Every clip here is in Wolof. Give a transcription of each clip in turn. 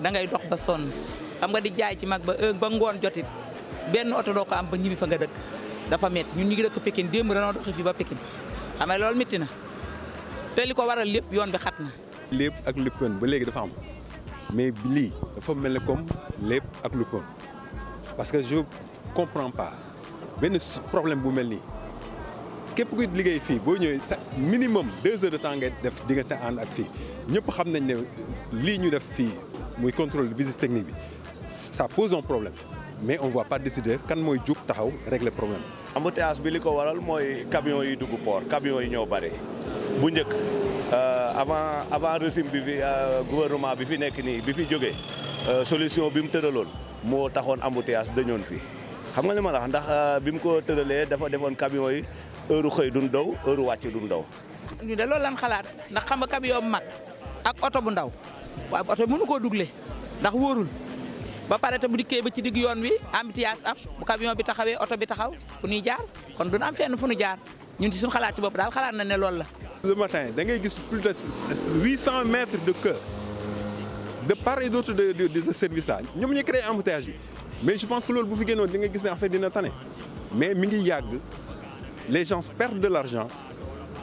dangay dox ba sonn xam nga di jaay ci mag ba ba ngoon jotit benn oto doo ko am ba ñibbi fa nga dëkk dafa met ñu ñu ngi dëkk Pikine démb danoo doxi fi ba Pikine xam nga loolu métti na te li ko waral lépp yoon bi xat na. lépp ak lépp ba léegi dafa am mais lii dafa mel ni comme lépp ak lépp parce que je comprends pas benn problème bu mel nii képp kuy liggéey fii boo ñëwee sa minimum deux heures de temps ngay def diggante ànd ak fii ñëpp xam nañ ne lii ñu def fii. muy contrôle de visite technique bi ça pose un problème mais on voit pas décider kan mooy jóg taxaw régler problème embouteillage bi li ko waral mooy camion yi dugg port camion yi ñoo bare bu njëkk euh, avant avant régime bi fi euh, gouvernement bi fi nekk ni bi fi jógee euh, solution bi mu tëraloon moo taxoon embouteillage dañoon fii xam nga li ma la wax ndax bi mu ko tëralee dafa defoon camion yi heure xëy duñ daw heure wàcc duñ daw ñu de loolu lan xalaat ndax xam nga camion mag ak auto bu ndaw wa auto bi mënu koo dugle ndax worul ba pare te bu dikkee ba ci dig yoon wi embouteillage am bu camion bi taxawé auto bi taxaw fu ñuy jaar kon duñ am fenn fu ñu jaar ñun ci suñu xalaat ci bop dal xalaat na ne lool la. le matin da ngay gis plus de 800 mètres de queue de part et d'autre de de ce service là ñoom ñi créé embouteillage bi mais je pense que lool bu fi génnoon di nga gis ne affaire dina tané mais mi ngi yagg les gens perdent de l'argent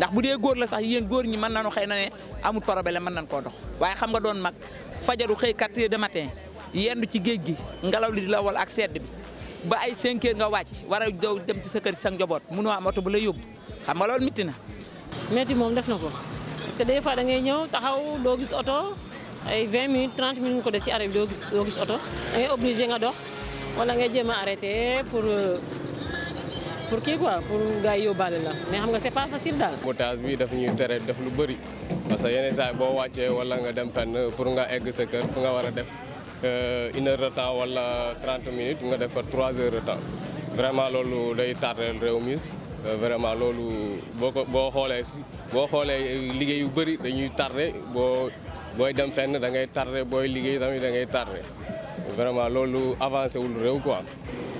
ndax bu dee góor la sax yéen góor ñi mën nañu xëy na ne amul problème mën nañ koo dox waaye xam nga doon mag fajaru xëy 4 heures de matin yendu ci géej gi ngelaw li di la wal ak sedd bi ba ay 5 heures nga wàcc war a daw dem ci sa kër ci sa njaboot am oto bu la yóbbu xam nga loolu mitti na. métti def na parce que des fois da ngay ñëw taxaw doo gis oto ay 20 minutes 30 minutes nga ko def ci arrêt bi doo gis doo gis oto da obligé nga dox wala ngay jéem a pour. Euh, pour kii quoi pour gars yi yóbbaale la mais xam nga c'est pas facile daal. motage bi daf ñuy tere def lu bëri parce que yenn saa boo wàccee wala nga dem fenn pour nga egg sa kër fu nga war a def euh, une heure de temps wala 30 minutes nga def fa 3 heures de temps vraiment loolu day tardeel réew mi euh, vraiment loolu boo ko boo xoolee si boo xoolee liggéey yu bëri dañuy tardé boo booy dem fenn da ngay tardé booy liggéey tamit da ngay tardé vraiment loolu avancé wul réew quoi.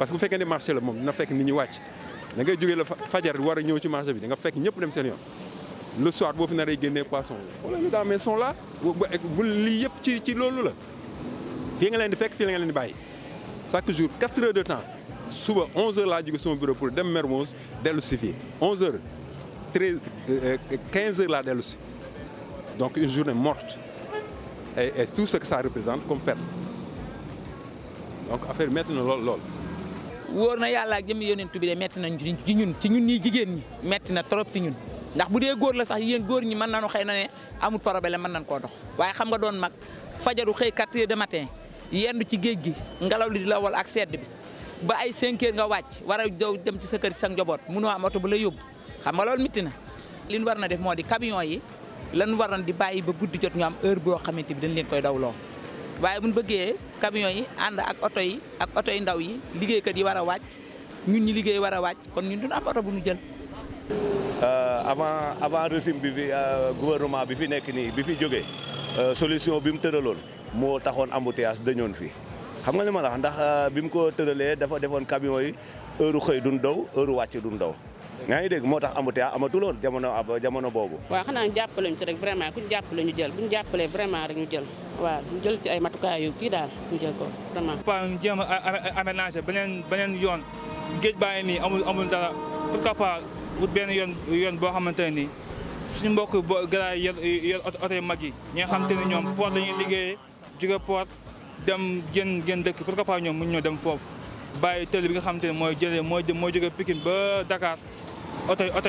parce que bu marché le moom dina fekk nit ñi wàcc da ngay jógee la fajar ñëw ci marché bi nga ñëpp dem le soir boo fi naree génnee poisson wala ñu daa mais sont là bu lii yëpp ci ci loolu la fii nga leen di nga di chaque jour 4 heures de temps suba 11 heures laa jóge au bureau pour dem Mermoz dellu si fii 11 heures 13 15 euh, heures laa dellu si donc une journée morte et, et tout ce que ça représente comme perte donc affaire métti na lool lool wóor na yàlla ak jëmm yonent bi de metti nañ ñun ci ñun ñii jigéen ñi metti na trop ci ñun ndax bu dee góor la sax yéen góor ñi mën nañu xëy na ne amul problème mën nañ koo dox waaye xam nga doon mag fajaru xëy 4 heures de matin yendu ci géej gi ngelaw li di la wal ak sedd bi ba ay 5 nga wàcc war a dow dem ci sa kër ci sa njaboot munoo am oto bu la yóbbu xam nga lool mitti na li war na def moo di camion yi lan waroon di bàyyi ba guddi jot ñu am heure boo xamante bi dañ leen koy dawloo waaye buñ bëggee camion yi ànd ak oto yi ak oto yu ndaw yi liggéeykat yi war a ñun ñi liggéey war a kon ñun duñ am oto bu ñu jël euh, avant avant régime bi fi euh, gouvernement bi fi nekk nii bi fi jógee euh, solution bi mu tëraloon moo taxoon embouteillage dañoon fii xam nga li la ndax bi mu ko tëralee dafa defoon camion yi heure xëy duñ daw heure duñ daw jamono jamono rek vraiment ku jël vraiment rek ñu jël waaw ñu jël ci ay matukaay yu kii daal ñu jël ko vraiment. pourquoi ñu jéem a aménager beneen beneen yoon géej baa ngi nii amul amul dara pourquoi pas wut benn yoon yoon boo xamante ne nii suñu mbokk boo garaay yor yu mag yi. ñi nga xamante ne ñoom port dañuy liggéeyee jóge port dem gën gën dëkk pourquoi pas ñoom mu ñoo dem foofu bàyyi tëli bi nga xamante ne mooy jëlee mooy mooy jóge Pikine ba dakaar oto oto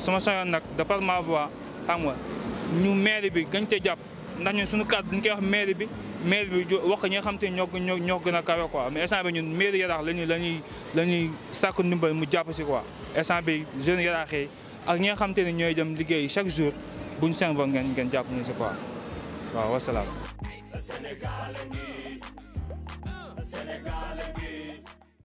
su ma sañoon nag de par ma voix xam nga ñu mairie bi gën cee jàpp ndax ñu suñu kàddu ñu koy wax mairie bi mairie bi wax ñi nga xam te ñoo ñoo ñoo gën a kawe quoi mais instant bi ñun mairie yaraax lañuy lañuy la ñuy sàkku ndimbal mu jàpp si quoi instant bi jeunes yaraax ak ñi nga xam te ne ñooy dem liggéey chaque jour buñ seen ba ngeen ngeen jàpp ñu si quoi waaw wasalaam. Sénégal